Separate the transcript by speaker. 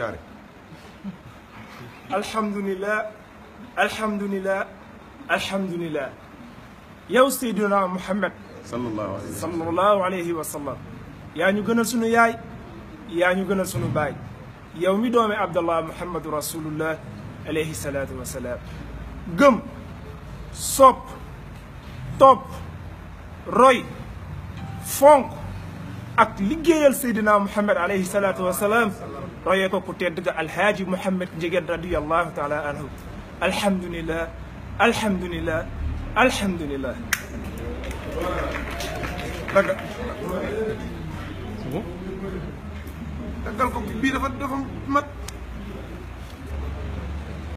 Speaker 1: تاري
Speaker 2: الحمد لله الحمد لله الحمد لله يا سيدنا محمد صلى الله عليه وسلم صلى الله عليه وسلم يا نيغنا سونو ياي يا نيغنا سونو باي يومي دومي عبد الله محمد رسول الله عليه الصلاه والسلام گم سوب توب روي فونك ak liggéeyal sayidina muhammad alayhi salaatu wasalaam royee ko ko tedd ga alhaaji muhammad njegéen radiyallahu taala anhu alhamdulillah alhamdulillah alhamdulillah
Speaker 3: dagga ko bii dafa dafa mat